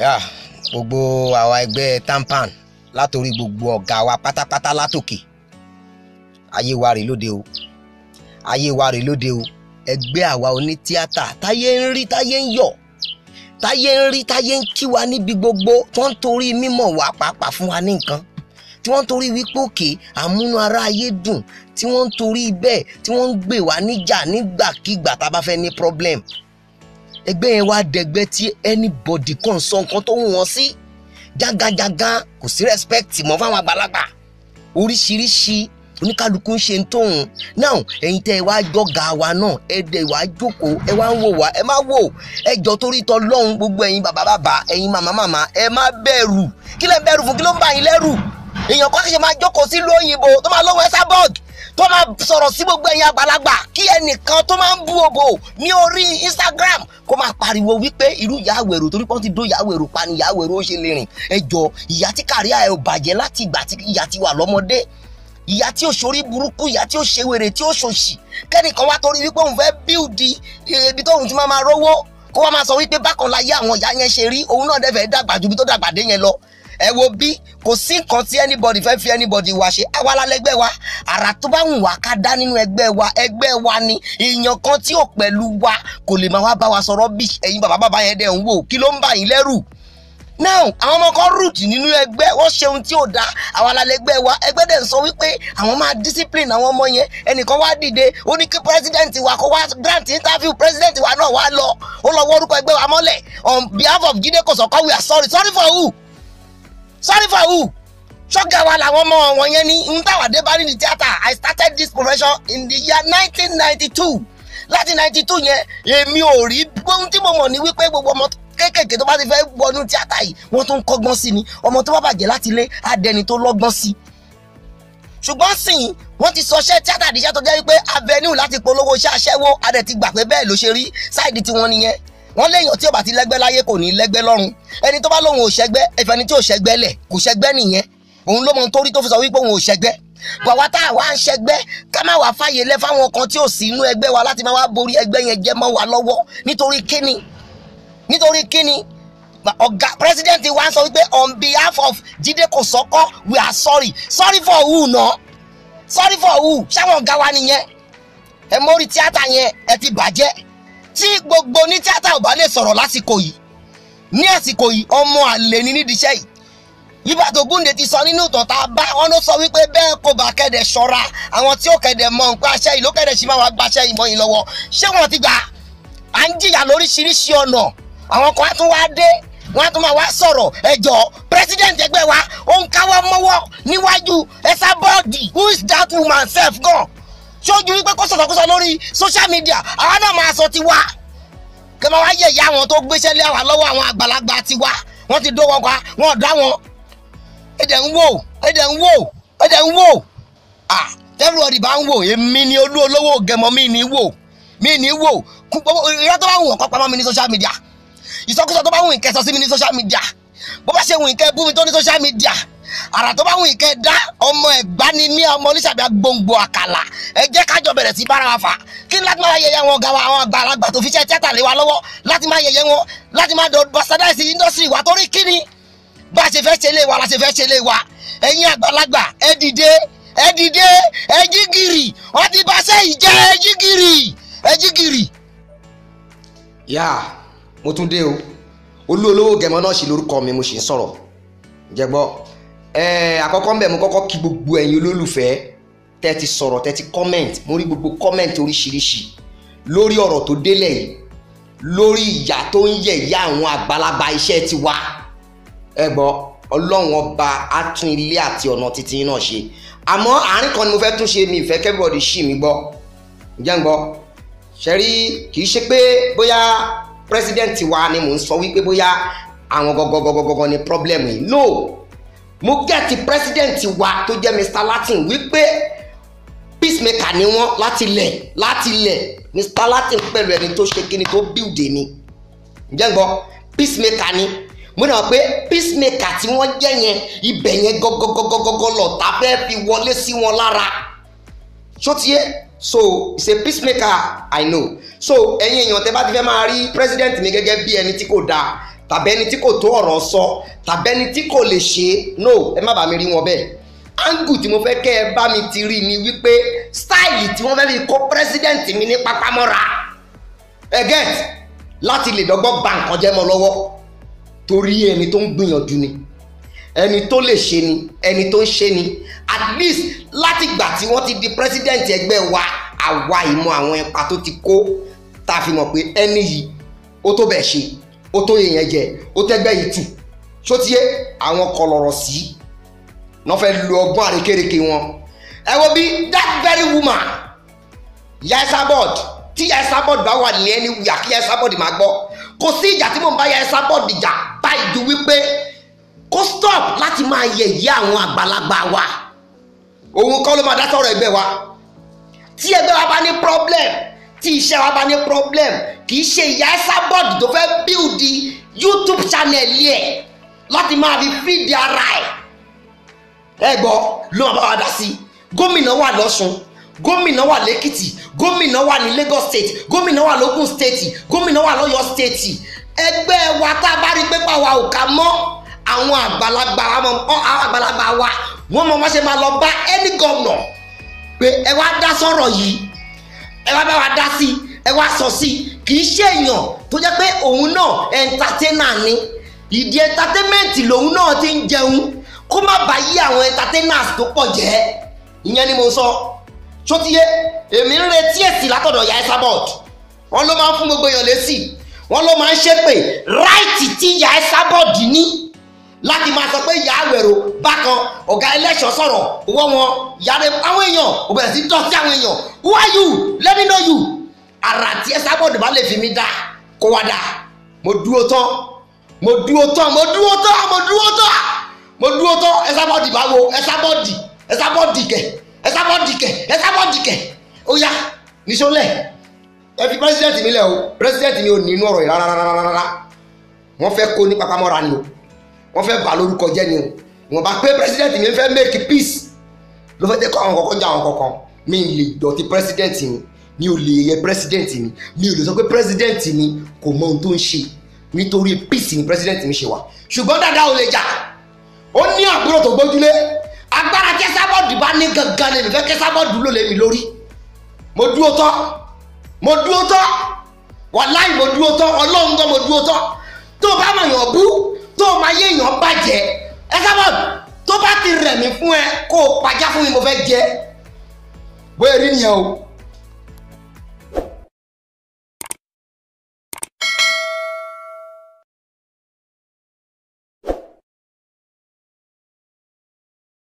Ah, gbogbo àwa ẹgbẹ́ tampan látòrí gbogbo ọ̀gá wa pátápátá látòkè ayé wa rè lóde o ayé wa rè lóde o ẹgbẹ́ àwa oní tíátà táyé ń rí táyé ń yọ̀ táyé ń rí táyé ń kí wa níbi gbogbo tó ń torí mímọ̀ wá pàápàá fún wa ní nǹkan tí wọ́n ń torí wípé òkè àmúnú ara ayé dùn tí wọ́n ń torí bẹ́ẹ̀ tí wọ́n ń gbè wá níjà nígbàkigbà tá a bá fẹ́ ní problem ẹgbẹ́ yẹn wá dẹgbẹ́ tí anybody kàn sọ nǹkan tó wù wọ́n sí jágájágá kò sí respect mọ́ fáwọn àgbàlagbà oríṣiríṣi oníkálukú ń ṣe ń tóun náà ẹ̀yin tẹ́ ẹ wá jọ́gà wa náà ẹ dẹ̀ wá jókòó ẹ wá ń wò wá ẹ má wò ẹ jọ torí tọ lọ́hùn gbogbo ẹ̀yin bàbá bàbá ẹ̀yin màmá màmá ẹ má bẹ̀rù kí lẹ bẹ̀rù fún kí ló ń bà yín lẹ́rù èèyàn kan ṣe máa jókòó sí lóyìnbó tó máa lọ́wọ́ ẹ sábọ́ọ̀gì tó máa sọ̀rọ̀ sí gbogbo ẹ̀yin àgbàlagbà kí ẹnìkan tó máa ń bú òbò ní orí Instagram kó máa pariwo wípé irú ìyáwèrò torí pọ́n ti dó ìyáwèrò pa ni ìyáwèrò ó ṣe lè rìn ẹjọ́ ìyá tí kàrí ẹ̀ ò bàjẹ́ láti ìgbà tí ìyá ti wà lọ́mọdé ìyá tí ó ṣorí burúkú ìyá tí ó ṣe wèrè tí ó ṣòṣì kẹ́nìkan wá torí wípé òun fẹ́ bíldì ibi tóun ti máa máa rówó kó wá máa sọ wípé bákan láyé àwọn ìyá yẹn ṣe rí òun náà dẹ̀ dàgbà ju ibi tó dàgbà dé yẹn lọ ẹ wo bí kò sí nǹkan tí anybody fẹ́ fi anybody wá ṣe àwa lálẹ́gbẹ́ wa àrà tó bá wùn wá ká dá nínú ẹgbẹ́ wa ẹgbẹ́ wa ni èèyàn kan tí ò pẹ̀lú wa kò lè máa wá bá wa sọ̀rọ̀ bí ẹ̀yin bàbá bàbá yẹn dẹ̀ ń wò kí ló ń bà yín lẹ́rù now àwọn ọmọ kan root nínú ẹgbẹ́ wọ́n ṣe ohun tí ò dáa àwọn alálẹ́gbẹ́ wa ẹgbẹ́ dẹ̀ ń sọ wípé àwọn máa discipline àwọn ọmọ yẹn ẹnìkan wá dìde ó ní kí president wa kó wá grant interview president wa náà wá lọ ó lọ wọ orúkọ ẹgbẹ́ wa mọ́lẹ̀ on behalf of Jide Kosoko we are sorry sorry for who sarifa who ṣọ́gà wa làwọn ọmọ wọn yẹn ní ntàwádé bá rí ní tíátà i started this profession in the year nineteen ninety two láti ninety two yẹn èmi ò rí gbóhùn tí mo mọ̀ ní wípé gbogbo ọmọ kéékèèké tó bá ti fẹ́ wọnú tíátà yìí wọ́n tún kọ́gbọ́n sí ni ọmọ tó bá bàjẹ́ láti ilé adẹni tó lọ́gbọ́n sí. ṣùgbọ́n sìn wọ́n ti sọṣẹ́ tíátà àdìṣẹ́ tó jẹ́ wípé avenue láti polówó iṣẹ́ aṣẹ́wó adẹ̀ ti gbà pé bẹ́ẹ̀ ló ṣe rí sáìdì tiwọn nìyẹn wọ́n léèyàn tí ó bá ti lẹ́gbẹ́ láyé kò ní lẹ́gbẹ́ lọ́run ẹni tó bá lóun ò ṣẹgbẹ́ ẹ̀fẹ̀ ni tí ò ṣẹgbẹ́ lẹ̀ kò ṣẹgbẹ́ nìyẹn òun ló mọ ohun tó rí tó fi sọ wípé òun ò ṣẹgbẹ́ bàwa tá a wá ń ṣẹgbẹ́ ká má wàá fàyè lẹ̀ fáwọn kan tí ò sí inú ẹgbẹ́ wa láti má wá borí ẹgbẹ́ yẹn jẹ́ mọ́ wa lọ́wọ́ nítorí kíni nítorí kíni ọ̀gá president wa sọ wípé on behalf of Jídé Kòsọ́kọ́ we are sorry sorry for who na sorry for who ṣáwọn ọ̀gá wa nìyẹn ẹ mórí tíátà yẹn ẹ ti bàjẹ́ tí gbogbo ní tíátà ò bá lè sọ̀rọ̀ lásìkò yìí ní àsìkò yìí ọmọ àlè ni nídìí iṣẹ́ yìí yíba tó gúnde ti sọ nínú ìtàn tá a bá wọn ló sọ wípé bẹ́ẹ̀ kò bá kẹ́dẹ̀ ṣọ́ra àwọn tí ó kẹ́dẹ̀ mọ nǹkan aṣẹ́ yìí ló kẹ́dẹ̀ ṣì máa wá gbaṣẹ́ yìí mọ́ yìí lọ́wọ́ ṣé wọn ti gbà á ń jìyà lóríṣiríṣi ọ̀nà àwọn kan á tún wá dé wọn á tún máa wá sọ̀rọ̀ ẹjọ́ president ẹgbẹ́ wa ó ń káwọ́ mọ́wọ́ níwájú ẹ̀sà bọ́ọ̀dì who is that woman self gan tí ó ju wípé kó sọ̀sọ̀kúsọ lórí social media àwa náà máa sọ tiwa kí máa wá yẹ̀yẹ́ àwọn tó gbéṣẹ́ lé àwa lọ́wọ́ àwọn àgbàlagbà tiwa wọ́n ti dówó pa wọ́n dá wọn ẹ̀jẹ̀ ń wò ẹ̀jẹ̀ ń wò ẹ̀jẹ̀ ń wò à tẹ́lú ọ̀dì bá ń wò èmi ni olú olówó gẹ̀mọ́ mi ní wò mi ní wò ìyá tó bá wù ọ̀kọ́ pamọ́ mi ní social media ìsọkúsọ tó bá wù ìkẹsọ sí mi ní social media bó bá ṣe wù ìkẹ bú mi tó ní social media àrà tó bá wù yín kẹ́ dá ọmọ ẹ̀gbá ni mí ọmọ oníṣàbí agbóngbò àkàlà ẹ jẹ́ kájọ bẹ̀rẹ̀ sí bára wa fà kí láti máa yẹyẹ wọn ga wa àwọn àgbàlagbà tó fi ṣe tíátà lé wa lọ́wọ́ láti máa yẹyẹ wọn láti máa dọ̀ bastardize industry wa torí kíni bá a ṣe fẹ́ ṣe lé wa la ṣe fẹ́ ṣe lé wa ẹ̀yin àgbàlagbà ẹ dìde ẹ dìde ẹ jí gìrì ti bá ṣe ìjẹ́ ẹ jí ẹ jí yá mo tún dé o olú olówó gẹ̀mọ́ náà ṣì lórúkọ mi mo ṣì ń sọ̀rọ̀ jẹ́gbọ́ àkọ́kọ́ ń mo kọ́kọ́ kí gbogbo ẹ̀yin olólùfẹ́ tẹ́ ti sọ̀rọ̀ tẹ́ ti comment mo rí gbogbo comment oríṣiríṣi lórí ọ̀rọ̀ tó délẹ̀ yìí lórí ìyà tó ń yẹ̀yẹ́ àwọn àgbàlagbà iṣẹ́ ti wa ẹ gbọ́ ọlọ́run ọba á tún ilé àti ọ̀nà títí náà ṣe àmọ́ àárín kan ni mo fẹ́ tún ṣe mi ìfẹ́ kẹ́bíọ̀dì ṣì mí gbọ́ ǹjẹ́ ń gbọ́ ṣẹ́rí kì í ṣe pé bóyá pírẹsidẹ́ǹtì wa ni mò ń sọ wípé bóyá àwọn gọgọgọgọgọ ni pírọ́blẹ́mù yìí no mo gẹ́ẹ̀tì president wa tó jẹ́ Mr. Latin wípé peacemaker ni wọ́n láti lẹ̀ láti lẹ̀ Mr. Latin pẹ̀lú ẹni tó ṣe kíni tó build mi ǹjẹ́ ń gbọ́ peacemaker ni mo náà pé peacemaker tí wọ́n jẹ́ yẹn ibẹ̀ yẹn gọ́gọ́gọ́gọ́gọ́ lọ́ta fẹ́ fi wọlé sí wọn lára ṣótiyé so it's a peacemaker I know so ẹ̀yin èèyàn tẹ́ bá ti fẹ́ máa rí president mi gẹ́gẹ́ bí ẹni tí kò dáa tàbẹ́ni tí kò tó ọ̀rọ̀ sọ tàbẹ́ni tí kò lè ṣe no ẹ má bàa mi rí wọn bẹ́ẹ̀ angu tí mo fẹ́ kẹ́ ẹ bá mi ti rí ni wípé style tí wọ́n fẹ́ fi kó president mi ní pápámọ́ra ẹ get láti lè dọ́gbọ́n ba nǹkan jẹ́ mọ́ lọ́wọ́ torí ẹni tó ń gbìyànjú ni ẹni tó lè ṣe ni ẹni tó ń ṣe ni at least láti gbà tí wọ́n ti di president ẹgbẹ́ wa àwa ìmọ̀ àwọn ipa tó ti kó tá a fi mọ̀ pé ẹni yìí ó tó bẹ̀ ṣe ó tó yẹn jẹ ó tẹ́gbẹ́ yìí tù ṣó ti yé àwọn kọlọ̀rọ̀ sí wọ́n fẹ́ lu ọgbọ́n àrékérekè wọn ẹ wo bí that very woman Yaya Sabod tí Yaya Sabod bá wà ní ẹni wíyà kí Yaya Sabod máa gbọ́ kò sí ìjà tí mò ń bá Yaya Sabod jà báyìí ju wípé kó stop láti máa yẹ̀yẹ́ àwọn àgbàlagbà wa òun kọ́ ló máa dá sọ̀rọ̀ ẹgbẹ́ wa tí ẹgbẹ́ wa bá ní problem tí iṣẹ́ wa bá ní problem kì í ṣe ìyá Esabod tó fẹ́ build YouTube channel yẹ láti máa fi feed ara ẹ̀ ẹ gbọ́ ló máa bá wa dá sí gómìnà wà lọ́sùn gómìnà wà lẹ́kìtì gómìnà wà ní Lagos state gómìnà wà lógùn state gómìnà wà lọ́yọ̀ state ẹgbẹ́ wa tá a bá rí pé pàwa ò ká mọ́ àwọn àgbàlagbà àwọn àgbàlagbà wa wọ́n mọ̀ wọ́n ṣe máa lọ bá any governor pé ẹ wá dá sọ̀rọ̀ yìí ẹ wá bá wa dá sí ẹ wá sọ sí kì í ṣe èèyàn tó jẹ́ pé òun náà entertainer ni ìdí entertainment lòun náà ti ń jẹun kó má bàa yí àwọn entertainers tó pọ̀ jẹ́ ìyẹn ni mo sọ ṣótiyé èmi ń retí èsì látọ̀dọ̀ Yaya Sabord wọ́n ló máa ń fún gbogbo èèyàn lésì wọ́n ló máa ń ṣépè ráìtì tí Yaya Sabord ní láti máa sọ pé ìyá àwẹ̀rò bákan ọ̀gá ẹlẹ́ṣọ̀ sọ̀rọ̀ owó wọn ìyáre àwọn èèyàn ò bẹ̀rẹ̀ sí dọ́sí àwọn èèyàn who are you let me know you àrà tí ẹ sábọ̀dù bá lè fi mi dá kó wá dá mo dúró tán mo dúró tán mo dúró tán mo dúró tán mo dúró tán ẹ sábọ̀dù bá wo ẹ sábọ̀dù ẹ sábọ̀dù kẹ ẹ sábọ̀dù kẹ ẹ sábọ̀dù kẹ ó yá níṣó lẹ̀ ẹ fi pírẹsidẹ̀ntì mi lẹ̀ o pírẹsidẹ̀ntì mi ò nínú ọ̀rọ̀ yìí rárá wọ́n fẹ́ kó ní papamọ́ra ni o wọ́n fẹ́ bà lórúkọ jẹ́ ni o wọ́n bá pé president mi fẹ́ make peace ló fẹ́ jẹ́ kó àwọn kọ̀ọ̀kan já àwọn kọ̀ọ̀kan mi lè dọ̀tí president mi mi ò lè yẹ president mi mi ò lè sọ pé president mi kò mọ ohun tó ń ṣe nítorí peace ni president mi ṣe wà ṣùgbọ́n dáadáa ò lè jà ó ní àbúrò tó gbójúlé agbára kẹsàbọ̀dù bá ní gangan ni nìfẹ́ kẹsàbọ̀dù ló lè mi lórí mo dúró tọ́ mo dúró tọ́ wàláì mo dúró tọ́ ọlọ́run gan mo dúró tọ́ tó o bá mọ̀ yàn bú tó o máa yé èèyàn bàjẹ́ ẹ sábà tó bá ti rẹ̀ mí fún ẹ kó o pàjá fún mi mo fẹ́ jẹ bóyá rí nìyẹn o.